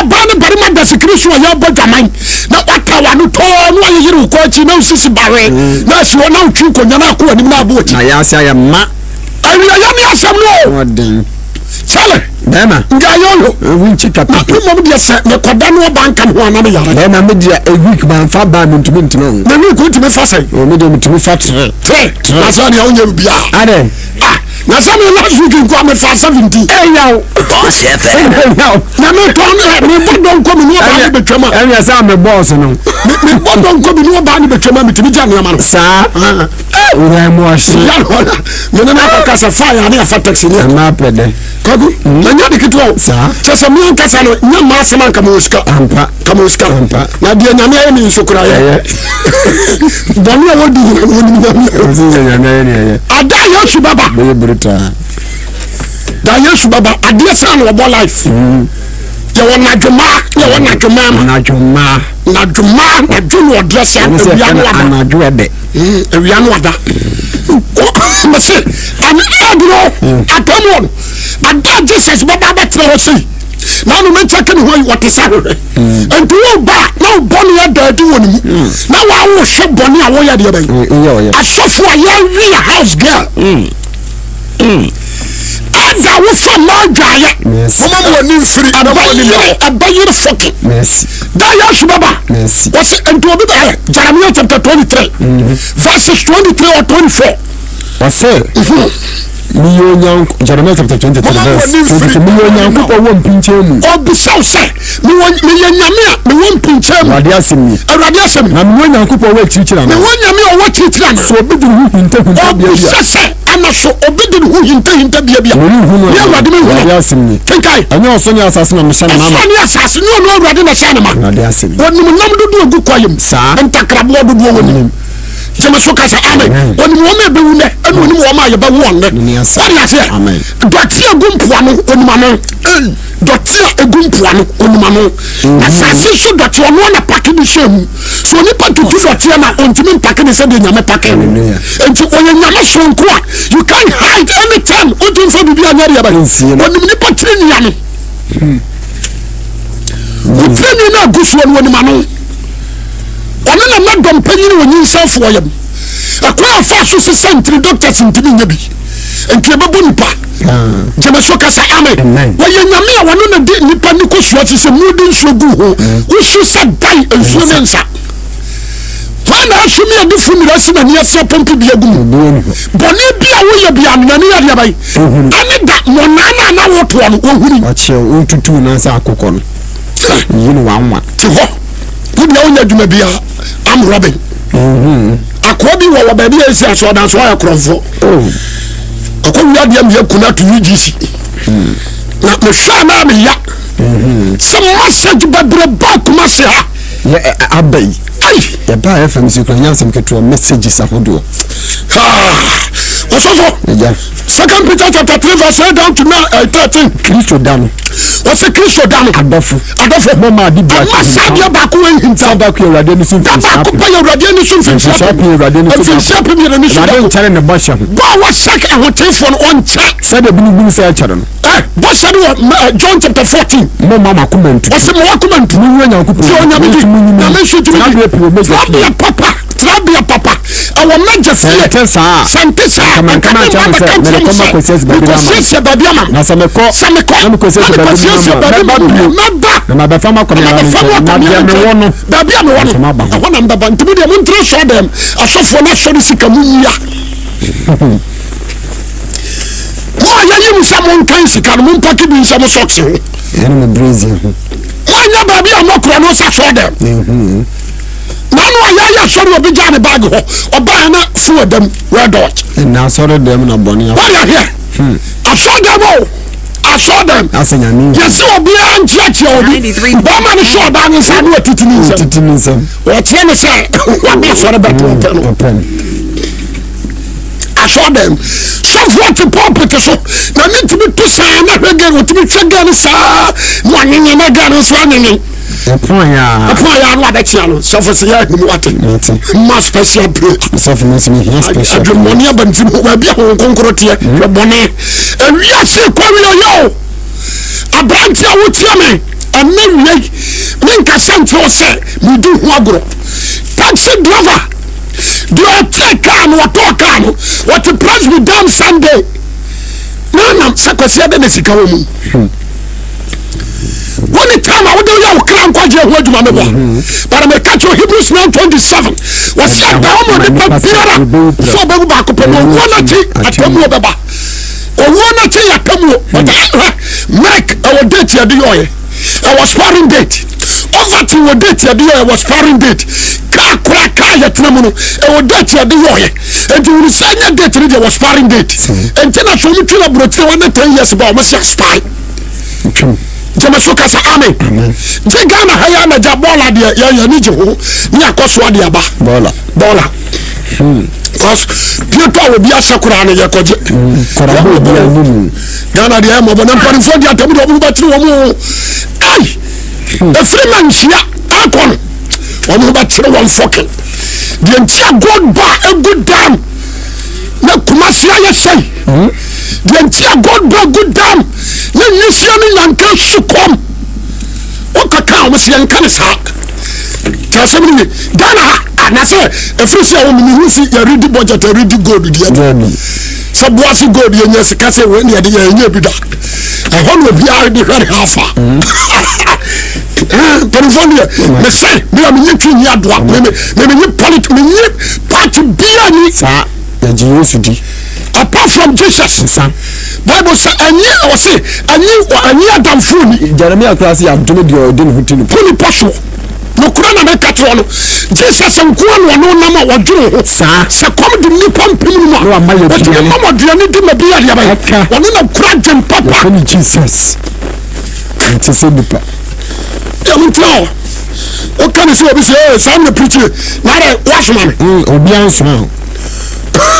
yesu kristo a yɛbɔ dwaman na wata wa no tɔɔ no ayɛyere wo akyi na wosisi bare mm. na asi hɔ na wotwi nkonnwa no akɔ w'anim no abɔ akyi awiayɛ ne asɛm no o sɛle bɛɛma nga yɛlo winkyi kata na mmom deɛ sɛ mekɔda no ɔba nka me ho ana me yare bɛɛma medeɛ awik mamfa baa mentumi ntena ho na wik wotumi fa sɛ medeɛ metumi fa tere tere na sɛ nea wonyɛ biribiaa adɛ ah na sani last week nkɔ mi fa seventy. ɛ yaw. bɔs yɛ fɛ. na mi tɔn ɛ mi bɔ dɔn ko mi ni o b'a ni bɛ twɛ ma. ɛ yɛ sɛ mi bɔs nù. mi bɔ dɔn ko mi ni o b'a ni bɛ twɛ ma mi ti mi ja nìyɛn ma. saa wúrẹ́ mú ọ sí. yàrá mi nana kọ kasa fa yà ni yà fa taxi ni. ẹ má pẹ dẹ. kaku mm. na nya de ketewa o. saa. sɛsɛ mi yɛn kasa no nya maa sɛ man kama o sika. ampa kama o sika. ampa na deɛ nyame ayɛ mi nsokora yɛ. bɔnni a wodi nyina ni wodi nyina ni. o ti sɛ nyame ayɛ ni yɛ. ada yɛ su baba da yesu baba adeɛ saa na wɔbɔ life yɛwɔ nadwomaa yɛwɔ nadwomaa ma nadwomaa nadwomaa nadwo na ɔdrɛ sɛ awia no ada anadwo ɛdɛ awia no ada mese ane ɛduro hmm. atɔmuo no ada jesus baba abɛtena hɔ sei nanu mi kyɛkɛ hmm. ni hɔ yi wɔte sa hwehwɛ nti wo ba na wo bɔ ne yɛ daadi wɔ ne mu na wɔawo hyɛ bɔne a wɔyɛ deɛ bɛyi asɔfo a yɛawie house girl hmm. a daws ma jayaabayr fok da yasbaba a23 23 miyɛ onyanko jeremiah chapter twenty three verse twenty two miyɛ onyanko pɔ wɔ mpinkyɛn mu. ɔbisaw sɛ miyɛ nyame a miyɛ mpinkyɛn mu. awurade asɛm ni. awurade asɛm ni. na miyɛ onyanko pɔ wɔ akyirikyiri ana. miyɛ nyame a ɔwɔ akyirikyiri ana. so obi di ne ho hintahinta biabia. ɔbisa sɛ ana so obi di ne ho hintahinta biabia. wɔn ihu no awurade mi hu no. awurade asɛm ni. kenkai. ɛnyɛ ɔsɔ ni asase na mehyɛ ne ma ma. ɛsɔ ni asase ni ɔno awurade na hyɛ ne ma. awurade asɛm ni. wɔnum nam dodo egu kɔ yam. saa ntakraboɔ dodo wɔ nim jẹmẹ so kasa amen onim wɔn a ebewu nɛ ɛna onim wɔn a yɛbɛwu wɔn nɛ wɔn yɛ seɛ dɔte egu mpoano onim ano dɔte egu mpoano onim asase so dɔte ɔno na paki bi hyɛ mu so onipa tutu dɔte na ontumi mpaki bi sɛ de nyame paki nti ɔyɛ nyame sonko a you can hide anytime o ti n fɔ bibi anyari yaba onim nipa tiri nia no o tiri nia na egu so ɔno na ma dɔm panyini wɔ nyinsafoɔ yam ɛkora afa so sɛ sɛntiri doctors ntimi nya bi nti ɛbɛbɔ nipa gyama so kasa amen wɔyɛ nyame a wɔno na de nipa ne kɔsua te sɛ mudi nsuo gu ho wosu sɛ dan nsuo ne nsa wana asumi ade fun mi rasi na niya sɛ pɔmpi bi egu mu bɔnne bi a woyɛ bi a nani yɛ deɛ bayi ɛne da mɔnaana na wotoɔ no ohuri ɔkyɛ wotutu nansa akokɔ no yi ni wa nwa te hɔ wúni àwọn yẹ dwuma bia am robin akɔɔ bi wɔ wɔ baabi yɛ esi asɔɔdan so ayɛ korɔnfo ɔkɔ wia deɛ mi yɛ kun ato ugc na mo hwɛ anaa mi ya sɛ mo asɛ dwuma bere ba kuma se ha yɛbaa fm si kora nyɛ asɛm ketewa messages ahodoɔ ɔsɔfo second peter chapter three verse eight down to nine uh, thirteen. kristo da no. wɔsi kristo da no. adɔfo adɔfo. mo maa di baako hinta ama sábìa baako yɛ hinta. sábà kun awurade ni sunfin sápin. dabaako pa yɛ awurade ni sunfin sápin. nfin sápin yɛrɛ ni sunfin. awurade nkyɛn ne bɔ hyɛ ho. bɔ awa sɛk ahotinfo no ɔnkyɛ. sɛdeɛ bi ni bi ni sɛ ɛkyɛ no. ɛ eh, bɔ sɛde wɔ eh, john chapter fourteen. mo maa ma kuma ntu. wɔsi mo wa kuma ntu. mo wura nyankunpɔ. ti o nyamidi nyamisu jumidi pii o mẹjọ pii tẹlabia papa tẹlabia papa ẹwọ mẹjọ fie sẹntẹ saa sẹntẹ saa nkàdé mbàbà kàntì mu sẹ nkọ siesie baabi ama na sẹ mẹkọ sẹ mẹkọ na mẹkọ siesie baabi ama mẹba na mẹbẹ fam akọmọya mẹbẹ fam akọmọya nkyɛn baabi ama wọ no ɛhɔ na mbaba ntumi deɛ mo n tẹrɛ sọ dɛm asɔfo na sɔ ne sika mu yia mo a yɛ yi mu sɛ mo nkan sika no mo mpaki bi nsɛm sɔkisi ho mo anya baabi a mo kura no sa sɔ dɛm manu ayé ayé asọri obi jẹ anibaagi hɔ ɔba yẹn na fún wa dẹm wẹ dọt. ẹnna asọri dẹm na bọ ní afọ. wọ́n yà hẹ́ asọ dẹm o asọ dẹm. asanyani. yasi obi a n tiẹ tiẹ obi bọ́ọ̀mà ni sọ ọba ni nsa ni wà titi ni nsẹm. titi ni nsẹm. wà tiẹ ni sẹ wà bí asọri bẹ tó ọpẹ nù. asọ dẹm sọfọ ti pọmpu ti so na mi ti mi tu sàn náà hwẹ gẹ́rẹ́ o ti mi hwẹ gẹ́rẹ́ sàn mu ànyìnyìn náà gẹ́rẹ́ nsọ ànyìnyìn ɛpoa yɛ ano abɛkyea no sɛfo sɛ yɛahim wate ma special special. breakadwemmɔne aba ntim baabi a honkonkoro teɛ hwɛ bɔne awia se kwawiɛ yɛo aberante a wotia me ɛnɛ wiei menka sɛ nkyerɛ wo sɛ medi ho agorɔ taxi driver deɛ ɔtɛ kaa no wɔtɔɔ kaa no wɔte presby dam sunday na nam sɛ kwasiɛ bɛbɛ sika wɔ mu hmm wọ́n ní táwọn àwọn ọdún yà wò kíra nkwájú ẹ̀hún ẹ̀dùnmá mi bọ̀ bàrà mi kàtí o hebrews nine twenty seven wọ́n sì àgbà ọmọ nípa bírára fún ọbẹ̀ mu baako pẹ̀lú owó náà ti àtẹ̀mú ọbẹ̀ bá owó náà ti yà tẹ̀mú o ọ̀tá ẹ̀ mike ẹ̀wọ̀ déètì ẹ̀dí yọ̀ yẹ ẹ̀wọ̀ sparring date ọ̀fàtì wọ̀ déètì ẹ̀dí yọ̀ ẹ̀wọ̀ sparring date kaa kura kaa yɛ tena mu no ɛwɔ date yɛde yɛ ɔyɛ nti wuru sɛ ɛnyɛ date no deɛ wɔ sparring date mm-hmm. nti na so wɔn twere aburotire wɔn ne ten years ba wɔn si aspire jẹmẹsọ kasa ami nti ghana ha yà nàjà bọọlù adìẹ yà yà ni jẹ ho ní akọsọ adìẹ ba bọọlù bọọlù kọs pieto a obi ahyɛ koraa no yɛkɔgye ghana deɛ ɛmɔbɔ na mpanimfoɔ deɛ atamu deɛ ɔmo bɛkyerɛ wɔn ai efiri ma nhyia akɔ no ɔmo bɛkyerɛ wɔn fɔkin deɛ ntia god bar good dan na kumasi ayɛ sɛn deɛ nti a godbɔ gu dam na nyisie no nyanka su kɔm wokaka a wɔsɛ yɛnka ne saa kyerɛ sɛm no ye ghana ha anasɛ ɛfiri sɛ wɔmenehu si yɛredi budget yɛredi gold deɛ sɛ boase gold yɛnya sika sɛ wɛne yɛde yɛɛnyɛ bi da ɛhɔ na obiara de hwɛre afa hmm. mpanyinfoɔ ni yɛ mɛ hmm. sɛ mi a mi nye twi nyi adoa mi hmm. mi mi nye pɔlit mi nye paati biya ni yɛgye yɛn fidi apart from jesus nsa bible sɛ ɛnyi ɔsi ɛnyi ɛnyi adamfo ni. jeremia kura si adumu di ɔdi ni hutu ni. kuni pɔso nukura na bɛ kati wɔn no jesus nkuwa na ɔno nam a wɔdwere ho. saa sɛ kɔm di nipa mpem mu a. n'o ama yɛ duane wɔtumi mama duane di ma bi yɛ adiaba yi. ɛka wɔne na kura dwen papa. wɔfɛ ni jesus n ti se nipa. yamu tura o o kan ni sɛ obi sɛ ee saa mi pirikyi n'ara wasoma mi. obi a nsoma o.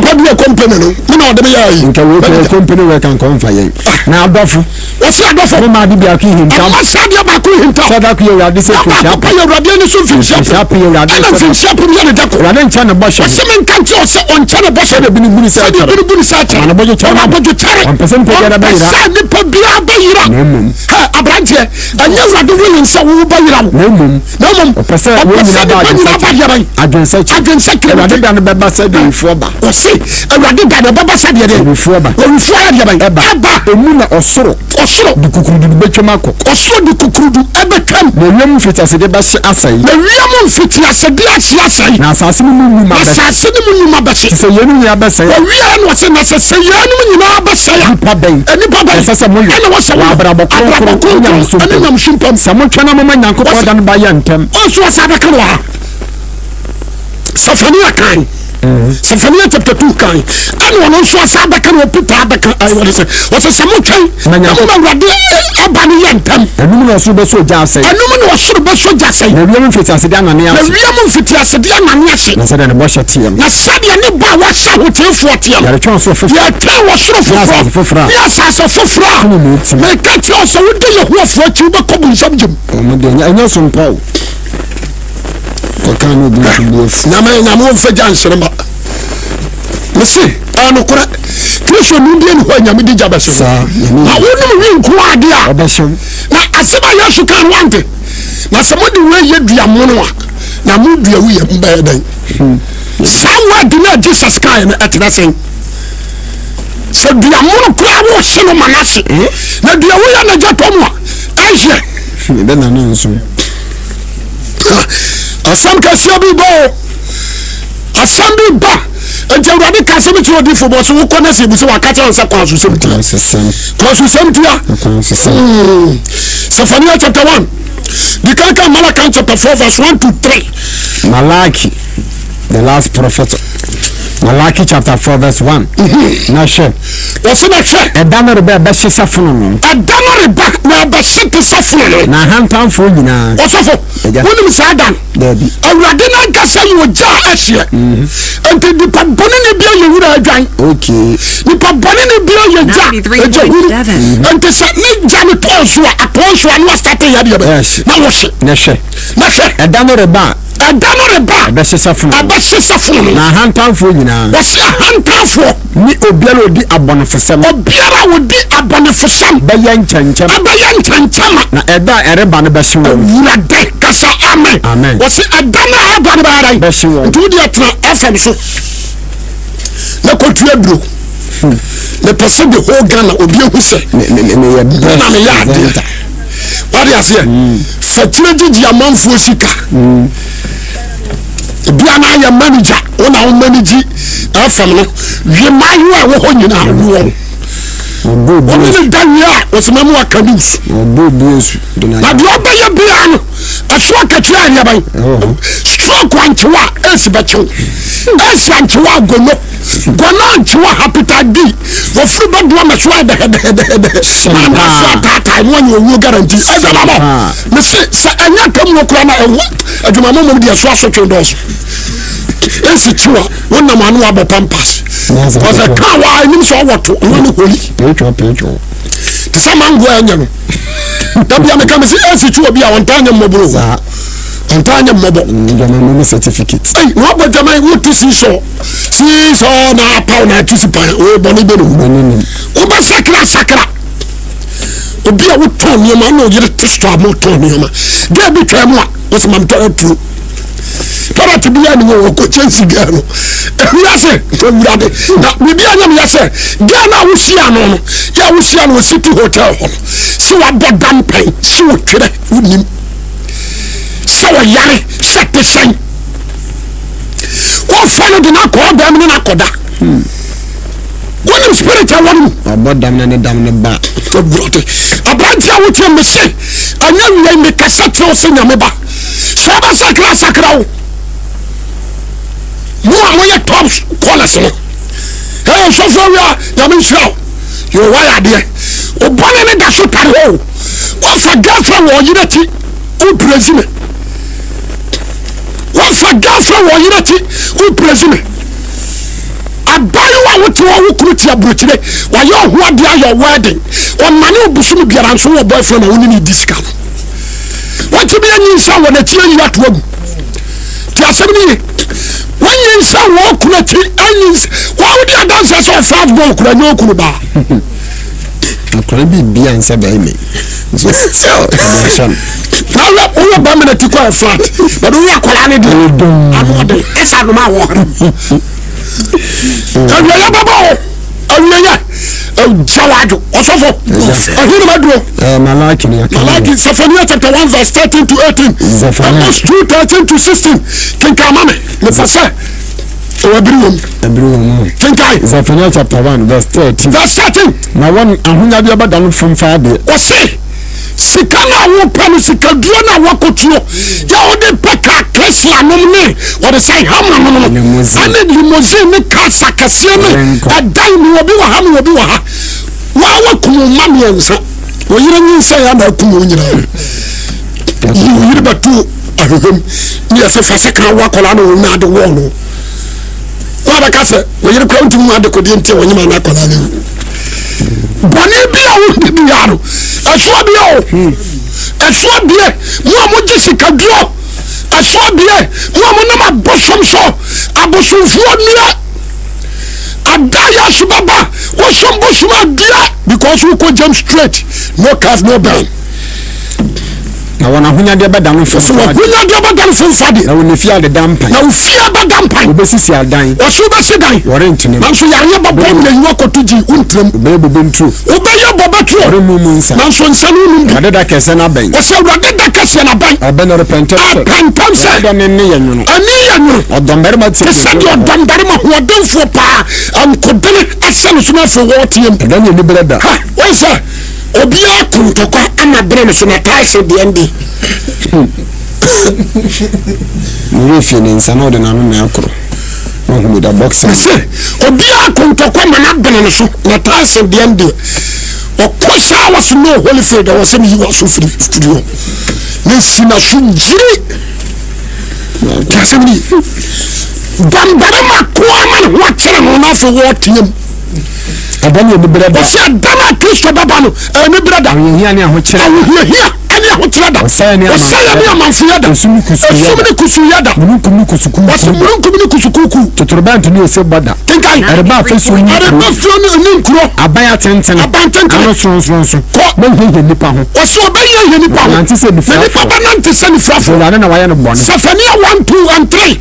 papa bi yɛ company no mu na ɔde bi yɛ ayi. nka wo kɛ company wɛ kan kɔn fa yɛ na adɔfo. wɔsi adɔfo. mo maa bi bi aki hintam. ɛmɔ sadeɛ baako hintam. sadako yɛ wulade se fi nsia pe. yɛ wulade ni so fi nsia pe. a fi nsia pe yɛ de da ko. wulade nkyɛn na bɔ sɛ. wɔsi mi nka nkyɛn ɔsɛ ɔnkyɛn na bɔ sɛ. sɛde bini buni sɛ tɛrɛ. sɛde bini buni sɛ tɛrɛ. ɔnabɔjo tɛrɛ. ɔnabɔjo tɛrɛ. ɔnpɛsɛ nipa biara bɛ yira. ɔnpɛsɛ nipa biara bɛ yira. na emom. hɛ aberanteɛ ɛnyɛ wulade wuli nsa wo bɛ yira o. na emom. na emom. ɔpɛsɛ wo nyina ba adwensɛ kyerɛ. adwensɛ kyerɛ. ɛwurade bɛ se awurade da de bɛbɔ sa deɛ de owifuo ba owifuo ayɛ deɛ ba ɛba emu na ɔsoro ɔsoro de kukurudu de bɛtwam akɔ ɔsoro de kukurudu ɛbɛtwam na wiem mfitiasede bɛhyɛ asa yi na wiem mfitiasede ahyɛ asa yi na asase no mu nnwuma bɛhyɛ asase no mu nnwuma bɛhyɛ sɛ yɛn nyinaa bɛsɛ owia na ɔsɛ na sɛ sɛ yɛn nyinaa bɛsɛ ya nipa bɛyi nipa bɛyi ɛsɛ sɛ mo yɛ ɛna wɔsɛ wɔ abrabɔ kɔnkɔn ɛne nyamusu mpam sɛ mo twɛn na mo ma nyankopɔn dan ba yɛ ntɛm ɔnso ɔsɛ abɛka wɔ ha safani akan sɛmfania chapter two kan ɛne ɔno nso asa abɛka ne ɔpita abɛka wɔde sɛ ɔsɛ sɛ motwɛn na moma awurade aba no yɛ ntam ɛnom na ɔsoro bɛsɔ ogya asɛe ɛnom na ɔsoro bɛsɔ ogya asɛe na wiam mfiti asedeɛ anane ase na wiam mfiti asedeɛ anane ase na sɛdeɛ ne bɔhyɛ teɛ mu na sɛdeɛ ne bɔ a wɔhyɛ ahoteefoɔ teɛ mu yɛretwɛn ɔsoro foforɔ yɛretwɛn ɔsoro foforɔ ne asase foforɔ a meka kyerɛ ɔsɛ wode yɛhoafoɔ ɔka ne obi nso bu afu nyame nyame wɔmfa gya nhyerema mese ɛnokorɛ kristo no die ne hɔ a nyame de gya bɛhye ho na wonom wi nko ade a na asɛm a yɛso ka no wante na sɛ mode woayɛ duamono a na mo dua woyɛ mbɛyɛ dɛn hmm. saa word no a jesus kaeɛ no ɛtena sɛn sɛ duamono koraa wɔhye no ma no ase hmm? na dua woyɛ nagya tɔ mu a ɛhyɛ asɛm kɛseɛ bi bɔ asɛm bi ba nti awurade ka asɛm kyerɛ odifo bɔ so wokɔ no sɛ sɛ waka kyerɛ sɛ kwansusɛm tia kwansusɛm tia mm. sefania chapter 1 di kanka malakan 4 verse 1 to 3 malaki the last prophet malaki chapter four verse one. Mm-hmm. na hwɛ. wɔsi na hwɛ. ɛda no reba ɛbɛhye safono no. ɛda no reba na ɛbɛhye ti safono no. na ahantanfo nyinaa. ɔsɔfo wɔnum saa da no. dabi. awurade na nkasa yi wɔ gya ahyia. Mm-hmm. nti nipa bɔnne ni bi yɛ wura adwan. okay. nipa bɔnne ni bi yɛ gya ɛgya wuru. Mm-hmm. nti sɛ ni gya ne tɔn a a tɔn so a ne wa sati yɛ deɛ bɛ. na wɔhye. na hwɛ. na hwɛ. ɛda no reba ɛda no reba abɛsesa funu abɛsesa funu na ahantanfoɔ nyinaa wɔsi ahantanfoɔ ni obiara odi abɔnifosɛm obiara odi abɔnifosɛm bɛyɛ nkyɛnkyɛm abɛyɛ nkyɛnkyɛm na ɛda a ɛreba no bɛsi wɔn awurade kasa amen amen wɔsi ɛda no a ɛreba no bɛyɛ ayi bɛsi wɔn ntu deɛ tena fm so na kɔtua duro hmm. mepɛ sɛ de whole ghana obi ehu sɛ na meyɛ adeɛ wade aseɛ fakyire gyegye mm. amanfoɔ sika mm. bia na ayɛ manager wona e wo manage afam no wemayewa a wɔ hɔ nyinaa mm. wowɔ wọ́n ní da yìí a wọ́n sì máa mú aka news. àdúrà bẹ́yẹ bíyà stroke àǹtíwá ẹ̀sì bẹ́kyẹ́w ẹ̀sì àǹtíwá gòló gòló àǹtíwá hapita d wọ́fúru bẹ́ẹ̀ dùn àmẹ́sùn ayé dẹ́hẹ́dẹ́hẹ́dẹ́hẹ́ máa bá sọ àtàtà ìwọ̀n garanti ẹ̀dá bàbọ̀ mẹ sẹ sẹ ẹ̀yẹ àtẹ̀mú okura náà ẹ̀wọ́ ẹ̀dùnmọ̀ mọ̀ di ẹ̀sùn asọ̀tún dọ̀ọ̀sù ẹ̀sì tiwa wọn nam àánú abọ̀ pampas ọ̀sẹ̀ káà wà ẹ̀yìn sọ̀ wọ̀tọ̀ ọ̀nà ni holi pɛtwɛ pɛtwɛ te sɛ mango a ɛnyɛ no dabia meka me sɛ ɛsi twi obi a ɔntaa nyɛ mmɔborɔ saa ɔntaa nyɛ mmɔbɔ dwamanome certificate ei wabɔ dwaman wotu si sɔ si sɔ na apaw na atu si pan o bɔne bɛ no wobɛ sakra sakra obi a wotɔn nneɛma na ɔyere te sɔ a ma ɔtɔn nneɛma dɛ bi twɛ mu a wɔsɛ mametɔ aturo tɔrɔti bi yɛ ni yɛ wɔ ko kyɛnsi gɛɛ no ewura se ewura de na bibi a yɛ mi yɛ sɛ gɛɛ na awosi ano no yɛ awosi ano osi ti hotel hɔ no si wa bɔ dampɛn si wo twerɛ wo nim sɛ wɔ yare sɛ te sɛn wɔn fa no de na kɔ ɔbɛn mu ne na kɔ da wɔnim spirit a wɔnim. ɔbɔ dam ne ne dam ne ba. ewura de aberante a wotia mi se anya wia mi kasa kyerɛw se nyame ba sakra sakra mo a moyɛ top callers no ɛyɛ sɔfo awia nyame nhyira o yɛwɔ wayɛ adeɛ ɔbɔne ne da so tare hɔ o wɔfa girlfriend wɔ ɔyere ti wopirɛsi me wɔfa girlfriend wɔ ɔyere ti wopirɛsi me abayewa a wote hɔ wo kuru ti aburokyire wayɛ ɔho adeɛ ayɛ wedding ɔmane obusom biara nso wɔ boyfriend a wone ne di sika no wɔte bi anyi nsa wɔ n'akyi ayi ato agu ti asɛm no ye wɔnyi nsa wɔn kunu akyi ɛnyi nsa wɔn awo di adansi sɛ ɔfa bɔ okunu ɛnyɛ okunu baa. akɔrɔ bi bia nsa bɛyɛ mi. n'awɛ wɔyɛ bɛn minɛ ti kɔ yɛ ba bɛn wɔyɛ akɔla ni di but ɔdi ɛsɛ anuma ni di. awia yɛ bɛ bɔ o awia yɛ jawajo ọsọfọ ọhún malaki malaki sefaniya chapter one verse thirteen to eighteen Verse two thirteen to sixteen kinkan mami nifasẹ ɛwɔ abiri wɔm. abiri wɔm. kinkai. zafaniya chapter one verse thirteen. verse thirteen. na wɔn ahonya bi abadanu funfun adeɛ. ɔsi sika na wo pɛ no sika duro na wakɔtuo yɛ wode pɛ ka kresla nom ne wɔde sɛ hamra nom no ɛne limosin ne kasa kɛseɛ ne ɛdan ne wɔbi wɔ ha ne wɔbi wɔ ha waawa kumo ma mmiɛnsa wɔyere nyinsɛ yɛ ana akumo nyinaa yiri bɛto ahwehwɛm ne yɛ sɛ fa sɛ kan wakɔla ne wɔn ade wɔɔ no wɔabɛka sɛ wɔyere kora wontimi mu ade kɔdeɛ nti a wɔnyema ne akɔla ne bɔnni bi a wohuri bi ya no ɛsoa bi o ɛsoa bi mu a mo gye sika duro ɛsoa bi mu a mo nam abosom so abosomfoɔ ada yɛ asobaba wosom bosom adua because wokɔ gyam straight no calf no bɛn na wọn ahunyadeɛ bɛ dan fɛn fadi. ahunyadeɛ bɛ dan fɛn fadi. na wọn efi adeda mpan. na ofi adeda mpan. obesisi adan. osu si dan. wɔre ntinam. nanso yare bɔ bɔ Na yiwa koto ji o ntinam. obeye bobe nturo. obeye bobe turo. wɔre mu mu nsa. nanso nsa nu nu bi. wadada kɛse na bɛn. ɔsɛ wadada kɛse na bɛn. ɛbɛn repɛntɛn sɛ. apɛntɛn sɛ. ɔdɔ ne ne yɛ nyunu. ɛni yɛ nyunu. ɔdɔnbɛrima ti. kisɛ di ɔdɔnbɛrima wɔdenfo paa nkodini asɛnusumafo da. ha o obiara kuntɔkwa ama bere no so na taa hyɛ deɛ ndi. nwura fie ne nsa na ɔde n'ano na akoro na ɔhun da bɔksa. Obi obiara kuntɔkwa ma na bere no so na taa hyɛ deɛ ndi ɔkɔ saa wa so na ɔhɔli fie da wɔsɛm yi wɔ so firi firi ne si na so gyiri ti asɛm ni bambarima koa ma ne ho akyerɛ no na afei wɔɔteɛ mu ɛdani ɛni bere da ɔsi ɛdani a kristu bɛba no ɛni bere da awohia ni ahokyere awohia ɛni ahokyere da ɔsɛyɛ ni amanfoya da esum ni kusuya da munukun ni kusukuku ɔsi munukun ni kusukuku totorobɛntu ni ose bɔ da kinkai ɛrɛba afɛsuo ni nkuro ɛrɛba afɛsuo ni nkuro abaya tenten abaya tenten ano soronsoronso kɔ ne nhyehyɛ nipa ho ɔsi ɔbɛyɛ yɛ nipa ho na nipa bɛ nante sɛ nifurafo sɛfɛniya one two and three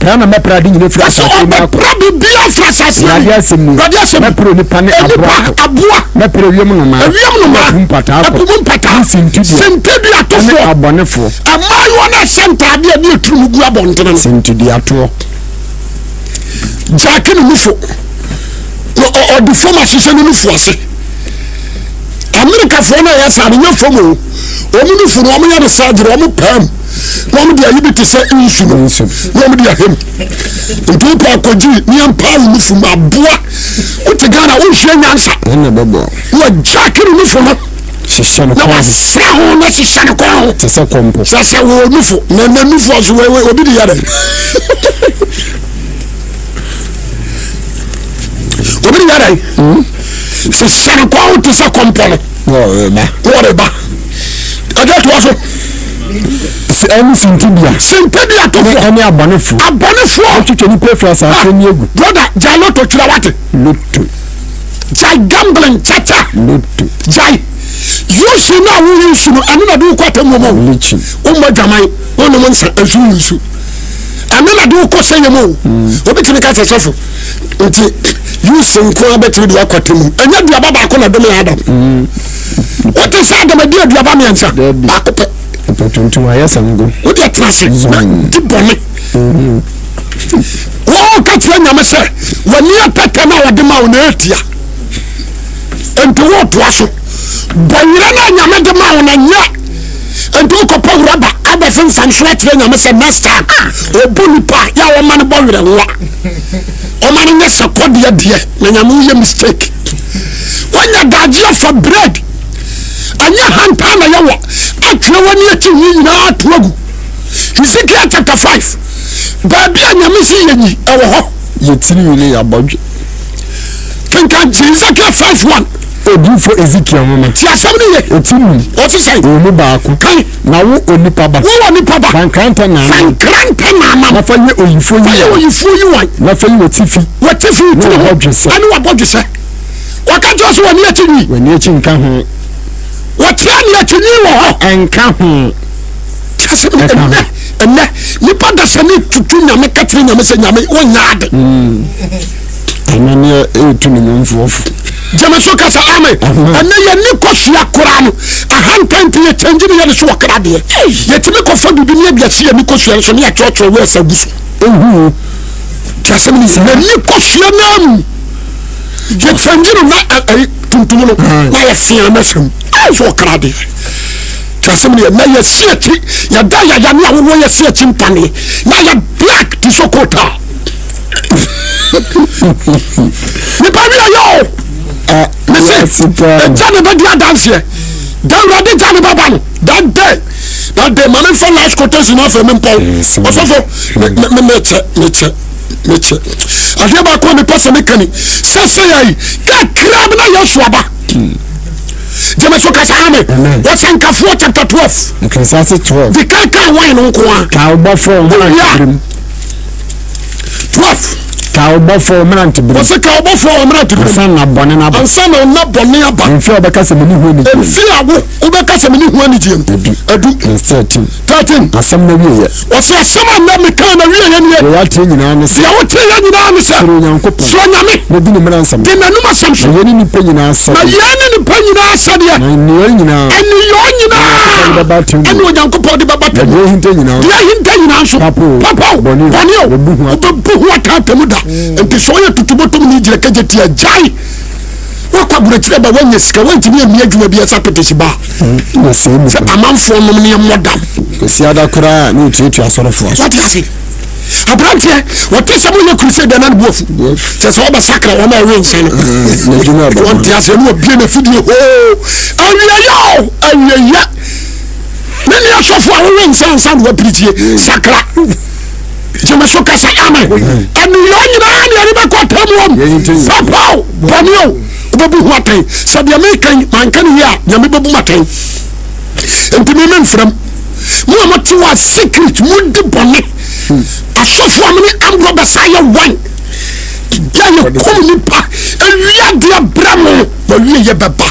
tẹ́lẹ̀ náà mẹ́pẹ́rẹ́ adi nyina firi asase mu akɔ ọbẹ̀pẹ̀rẹ̀ bi bí afra asase mu yàrá asem mu yàrá asem mu mẹ́pẹ́rẹ́ onipa ni aboa aboa mẹ́pẹ́rẹ́ ewiem noma ewiem noma ẹ̀pù mpata akɔ ẹ̀pù mpata nsintidua sentidua tó fọ ɛne abɔnefo amáyọ náà hyɛ ntaade ɛni eturu mu gu abɔntene no sentidua tó jaaki ni nufo ɔdi fɔm ahyehyɛ ni nufo ase amerikafoɔ náà yɛ sáré nyɛ fɔm o wɔn nufo no wɔn yɛ de sáré wɔn pɛɛmu wọn di ayi bi ti sɛ nsu no wọn di ahem nti wopɛ akɔgye nneɛmpa awo no funu aboa o ghana wonhyɛ o wɔ gyaakiri no funu hyehyɛ no kwan na wasra ho na hyehyɛ no kwan ho te sɛ kɔmpo sɛ sɛ wɔ nufo na na nufo ɔso wɔ obi di yɛ dɛ obi ni yàrá yìí sísẹni kọ́ ọ́n ti sẹ́ kọ́ńpọ́nù wọ́ọ̀rẹ́ bá ọjọ́ ìtura so ɛni sentibia. sentibia tó fọ ɛni abɔnifo. abɔnifo. o tutu ni kofi asase ah, ni egu. broda jai loto tura wati. loto. jai gambling chacha. loto. jai yosu náà wúwo nsu no ɛnu àtẹ mọ́ mọ́. o mọ jaman o ní mo nsa esu nsu ɛnu náà dúró kó sẹ́yìn o bí tìmí ká sẹ́ sọ́fọ̀ nti yosu nkó abẹ́tìrì dùn akọ̀ tẹ̀ ẹ̀yẹ́ dùn baako náà dọ́mi adam. Mm. o ti sẹ́ adamadi aduaba mìíràn sá baako pẹ́ tuntum ayɛ sɛm gu wode atena ase na di bɔne wɔka kyerɛ nyame sɛ w'ani apɛtɛ no a wɔde ma wo na ɛtia enti wotoa so bɔnyerɛ no a nyame ma wo na nyɛ enti wokɔpɛ wuraba abɛfe mfamsoro akyerɛ nyame sɛ next time ɔbu ah. nipa yɛ a wɔma bɔ werɛ nwa ɔma no nyɛ sɛ kɔdeɛ na nyame woyɛ mistake woanya dagyeɛ fa bread ɛnyɛ hantaa na yɛwɔ atwerɛ wɔ ne akyi yi nyinaa ato agu hesekiel chapter five baabi a nyame si yɛ nyi ɛwɔ hɔ yɛtiri ne yɛabɔdwe kenkan hesekiel five one odinfo ezekiel mama, ti asam ni ye. oti mu. oti sɛ. omu baako. kan. na wo onipa ba. wo wɔ nipa ba. sankaranta naama. sankaranta naama. nafa ye oyinfo yi wa. nafa ye oyinfo yi wa. nafa ye wɔti fi. wɔti fi tiri hɔ. ne wabɔ dwesɛ. wakati ɔsɔ wɔ ni ekyi ni. wɔ ni nka ho wɔtea ne akyinyi wɔ hɔ ɛnka ho tiasɛ ɛnɛ ɛnɛ nipa dasani tutu nyame katiri nyame sɛ nyame wɔnya ade ɛnɛ ne ɛtu ne nyɔnfoɔfo jẹmẹ so kasa ami ẹnẹ yẹ ní kò sua kura no ahantanti yẹ kyẹnji ni yẹ ni so wọ kra deɛ yẹ ti mi kɔ fɔ bibi ni yẹ biasi yẹ ni kò sua nso ni yɛ kyerɛkyerɛ wɔ ɛsɛ gu so ehu ti asɛm ni yɛ ni kò sua naa mu yɛtɛngyere na ayi tuntum no na yɛsia na fam sɛ ɔkra de kyerɛsɛm no yɛ na yɛsi akyi yɛda yɛya ne awowo yɛsi akyi mpane na yɛ black te sɛ kota nipa bi ayɛ o mese ɛgya ne bɛdi adanseɛ da awurade gya ne bɛba no that day that day ma memfa last quotation afɛ me mpɔw ɔsɔfo mekyɛ mekyɛ mekyɛ adeɛ baako a mepɛ sɛ meka ni sɛ sɛ yɛi kakra bi na yɛ soaba jẹmẹ sọ kasa ami wasankafoɔ chapter twelve nkirisase twelve di kankan wine nko a. k'aw bɔ fɔ wọn na yiri mu. twelve ka ɔbɔfo ɔmmerante biri. wɔsi ka ɔbɔfo ɔmmerante biri. ansan na bɔnne na ba. ansan na na bɔnne aba. nfi a ɔbɛka sɛmɛ ni hu anigye. nfi a wo ɔbɛka sɛmɛ hu anigye. edu edu. n thirteen. thirteen. asɛm na wiye yɛ. wɔsi asɛm a nam kan na wiye yɛ niyɛ. yɛwɔ ate nyinaa ni sɛ. yɛwɔ te yɛ nyinaa ni sɛ. soro nyanko pɔn. soro nyame. na di ni mmerɛ nsɛm. di na numu asɛm so. na yɛn ni nipa nyinaa sɛ. na yɛn ni nipa nyinaa sɛ deɛ. na nniyɔ nyinaa. ɛniyɔ nyinaa. ɛni onyanko pɔn de bɛba tɛmu. na diɛ hinta nyinaa. diɛ hinta nyinaa nso. papo papo bɔnni o. bɔnni o. o nti sɛ woyɛ totobotom ne gyina kagye tia gyae wakɔ aburokyerɛ ba woanya sika woantimi amia adwuma bi ɛsa petesi ba sɛ amanfoɔ nom ne yɛmmɔ dam kɔsiada koraa ne wotuatua asɔrefoɔ wate ase aberanteɛ wɔte sɛ moyɛ crusade ana ne boafu sɛ sɛ wɔbɛsakra wɔma ɛwe nhyɛ no wɔnte ne wɔbie no afidie hoo awieyɛ ne ne asɔfo a wowe nsa nsa ne wapirikyie hmm. sakra jẹmẹ so kasa amẹ ẹnuyọ nyinaa ni ẹni bẹ kọ tẹ mu papa o bọni o bẹ bu huwa tẹn sẹbi ẹmi kẹn maa nkẹ ni yẹ a nyami bẹ bu ma tẹn ntumi mi nfẹrẹ mu mu ti wa secret mu di bọni asọfo a mi bẹ sá yẹ wọn yẹ yẹ kọ́ mi nípa ewia di abiramu wọ́n yẹ yẹ bẹ ba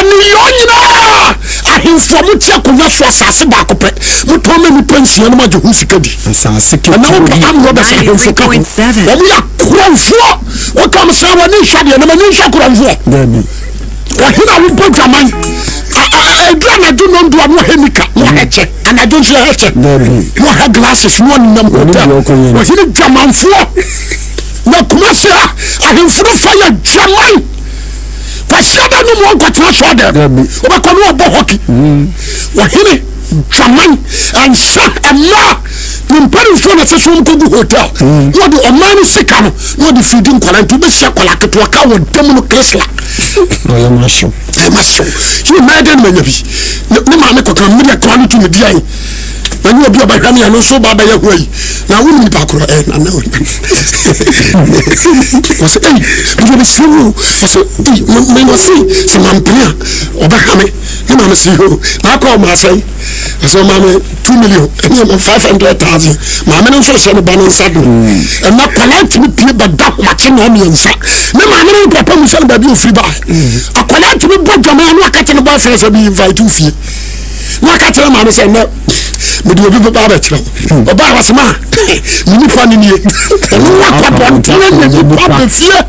aniyɔ nyinaa ahemfo a mote akonnwa so asase baako pɛ motɔ ma nipa nsia no magye ho sika di ɛna wopɛ amrɔbɛs ahemfo ka ho ɔmo yɛ korɔmfoɔ woka m sɛ wɔne nhyɛ deɛ nam ani nhyɛ korɔmfoɔ ɔhene a wobɔ dwaman ɛdu anadwo no ndoa no ɔhɛ mika na mm. kyɛ anadwo nso yɛhɛ kyɛ na ɔhɛ glasses na ɔnenam hotel ɔhene dwamanfoɔ na kuma sɛ a ah, ahemfo no fa yɛ dwaman fasiaba no mu ɔnkɔtena sɔɔ dɛm wobɛkɔ ne wɔbɔ hɔki ɔhene twaman ansa ɛmaa ne mpanimfoɔ na ɛsɛ so nkɔgu hotel na ɔman no sika no na ɔde fidi nkwadaa nti wobɛsi akwadaa ketewa ka wɔ dam no krisla ɛma hyew ɛma hyew yɛ mmaa dɛ no manya bi ne maame kɔka mmiri akora no tumi di ayi na ni obi ɔbɛhwɛ mi ɛno nso ba bɛyɛ hɔ yi na wo nipa korɔ ɛ eh, na na ɔyɛ ɔsɛ ɛyi nti obi si wo ɔsɛ ɛyi mɛ mɛ ɔsi sɛ maa mpiri a ɔbɛhwɛ mi ne maa mi si hɔ n'akɔ ɔmo asɛn ɔsɛ maa mi two million ɛni ɛmɛ five hundred thousand maa mi ni nso hyɛ ne ba ne nsa do mm. ɛna kɔla tumi pie ba da kumakye na mmiɛnsa ne maa mi ni papa mu mm. sɛ ne baabi ofiri ba akɔla tumi bɔ dwamɛ anu akatɛ ne bɔ afɛn sɛ bi invite fie n'akatɛ ne maa sɛ ne mede obi bɛba bɛkyerɛ wo hmm. ɔba wasɛm a ne nipa no nie ɛno wakɔbɔntena ne nipa bɛfie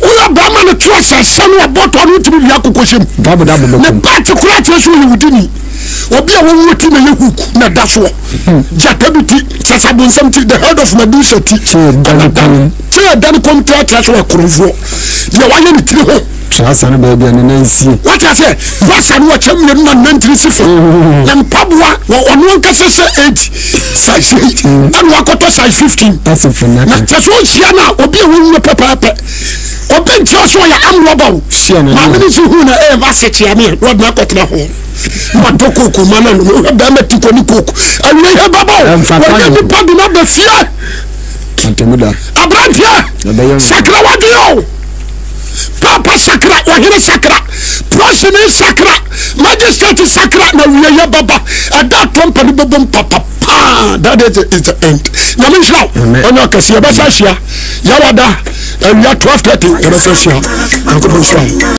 woyɛ bɛma no twerɛ sɛ sɛ wabɔtɔ no wotumi wia kokɔhyɛ mu ne ba te koraa kyerɛ so woyɛ obi a wɔwɔ ti na yɛ hook na da soɔ hmm. gyata bi ti sasabo ti the head of medusa ti e anadan e tí a dan kɔm tí a kyerɛ so akoronfoɔ deɛ wayɛ ne tiri ho. sasa ne baabi a ne nan sie. wati ase basa ni wakyɛ mmienu na nan tiri si fɛ hmm. na mpaboa wɔ ɔno nkasa sɛ eight size eight ɛna hmm. wakɔtɔ size fifteen. ɛsɛ fún na kan na kyerɛ so nhyia na obi a wɔn nyɛ pɛpɛɛpɛ ọbẹ nti ọsọ yà amúlọbọ maame ní sùn hùn na ẹ ẹ bá ṣe tiẹ mi ẹ lọdún akọtìlá hù kooko ma na nomu ohwɛ bɛrima ti ko ni kooko awia yɛ baba o wɔnyɛ nipa bi bɛ fie aberanteɛ sakra wadwe o papa sakra wɔhene sakra prosini sakra magistrate sakra na awia yɛ baba ɛda atɔmpa no bɛbɔ mpapa paa that is, is the end nyame nhyira wo ɔne ɔkɛseɛ bɛsa hyia yɛwada awia 12 30 yɛbɛsa hyia nyankopɔn nhyira wo